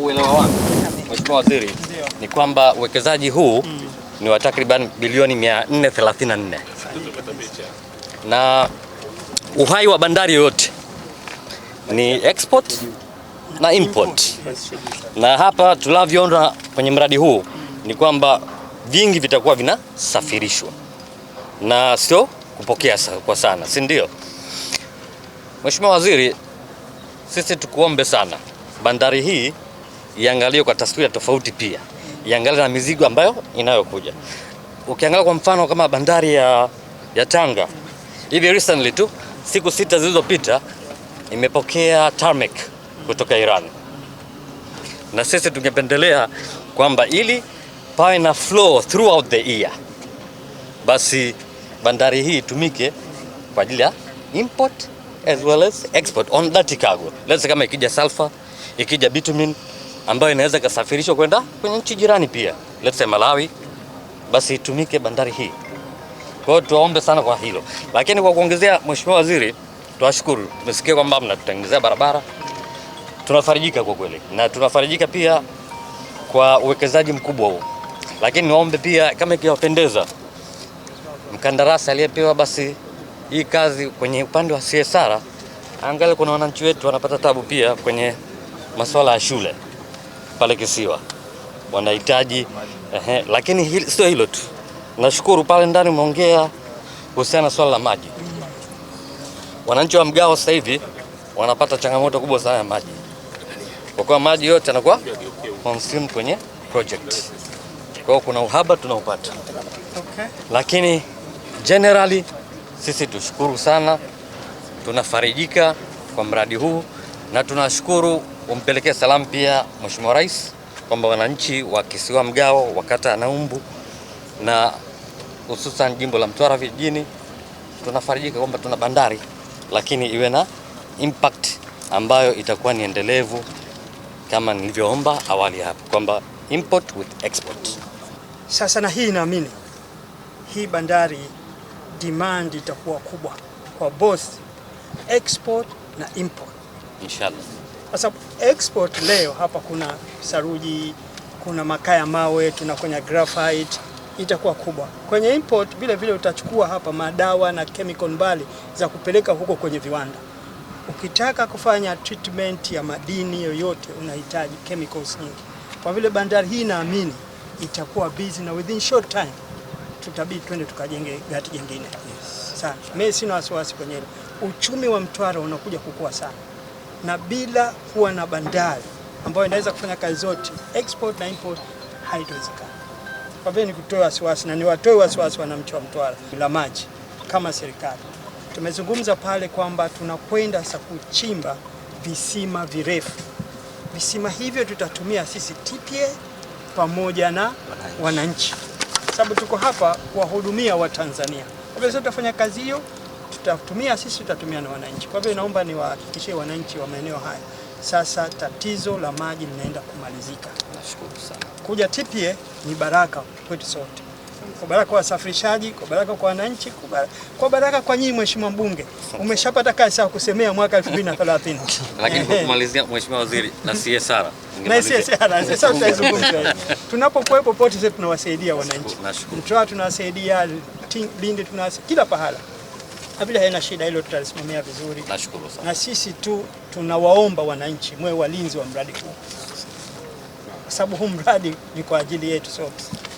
uelewa wangu Mheshimiwa Waziri ni kwamba uwekezaji huu mm. ni wa takriban bilioni 434 na uhai wa bandari yoyote ni export na import, na hapa tunavyoona kwenye mradi huu ni kwamba vingi vitakuwa vinasafirishwa na sio kupokea kwa sana, si ndio? Mheshimiwa Waziri, sisi tukuombe sana bandari hii iangalie kwa taswira tofauti, pia iangalie na mizigo ambayo inayokuja. Ukiangalia kwa mfano kama bandari ya, ya Tanga hivi recently tu siku sita zilizopita imepokea tarmac kutoka Iran, na sisi tungependelea kwamba ili pawe na flow throughout the year, basi bandari hii itumike kwa ajili ya import as well as export on that cargo. Let's kama ikija sulfur, ikija bitumen ambayo inaweza ikasafirishwa kwenda kwenye nchi jirani pia, let's say Malawi, basi itumike bandari hii. Kwa hiyo tuwaombe sana kwa hilo, lakini kwa kuongezea, Mheshimiwa Waziri, tuwashukuru, tumesikia kwamba mnatutengenezea barabara, tunafarijika kwa kweli, na tunafarijika pia kwa uwekezaji mkubwa huu, lakini niwaombe pia, kama ikiwapendeza, mkandarasi aliyepewa basi hii kazi kwenye upande wa CSR, angalia, kuna wananchi wetu wanapata tabu pia kwenye masuala ya shule pale kisiwa wanahitaji eh, lakini hili, sio hilo tu. Nashukuru pale ndani umeongea kuhusiana na swala la maji. Wananchi wa Mgao sasa hivi wanapata changamoto kubwa sana ya maji, kwa kuwa maji yote yanakuwa consume kwenye project, kwa hiyo kuna uhaba tunaopata, lakini generally sisi tushukuru sana, tunafarijika kwa mradi huu na tunashukuru umpelekee salamu pia Mheshimiwa Rais kwamba wananchi wa Kisiwa Mgao wa kata ya Naumbu na hususan jimbo la Mtwara vijijini tunafarijika kwamba tuna bandari, lakini iwe na impact ambayo itakuwa ni endelevu kama nilivyoomba awali hapo kwamba import with export. Sasa na hii naamini hii bandari demand itakuwa kubwa kwa both export na import inshallah kwa sababu export leo hapa kuna saruji, kuna makaa ya mawe, kwenye graphite itakuwa kubwa. Kwenye import vile vile utachukua hapa madawa na chemical mbali za kupeleka huko kwenye viwanda. Ukitaka kufanya treatment ya madini yoyote unahitaji chemicals nyingi. Kwa vile bandari hii naamini itakuwa busy na within short time tutabidi twende tukajenge gati jingine. Yes. Sana. Mimi sina wasiwasi kwenye hilo. Uchumi wa Mtwara unakuja kukua sana na bila kuwa na bandari ambayo inaweza kufanya kazi zote export na import haitawezekana. Kwa hivyo ni wasiwasi na niwatoe wasiwasi wananchi wa Mtwara bila maji. Kama serikali tumezungumza pale kwamba tunakwenda sasa kuchimba visima virefu. Visima hivyo tutatumia sisi TPA pamoja na wananchi, sababu tuko hapa kuwahudumia Watanzania. Kwa hivyo tutafanya kazi hiyo tutatumia sisi, tutatumia na wananchi. Kwa hivyo naomba niwahakikishie wananchi wa maeneo haya sasa tatizo la maji linaenda kumalizika. Nashukuru sana. Kuja TPA ni baraka kwetu sote, kwa baraka wasafirishaji, kwa baraka kwa wananchi, kwa baraka kwa nyinyi Mheshimiwa Mbunge, umeshapata kazi sawa kusemea mwaka 2030 lakini kwa kumalizia, Mheshimiwa Waziri, na CSR na CSR sasa tutazungumza, tunapokuwa popote tunawasaidia wananchi, tunawasaidia, Lindi tunawasaidia kila pahala na vile haina shida, hilo tutalisimamia vizuri. Nashukuru sana. Na sisi tu tunawaomba wananchi mwe walinzi wa mradi huu, kwa sababu huu mradi ni kwa ajili yetu sote.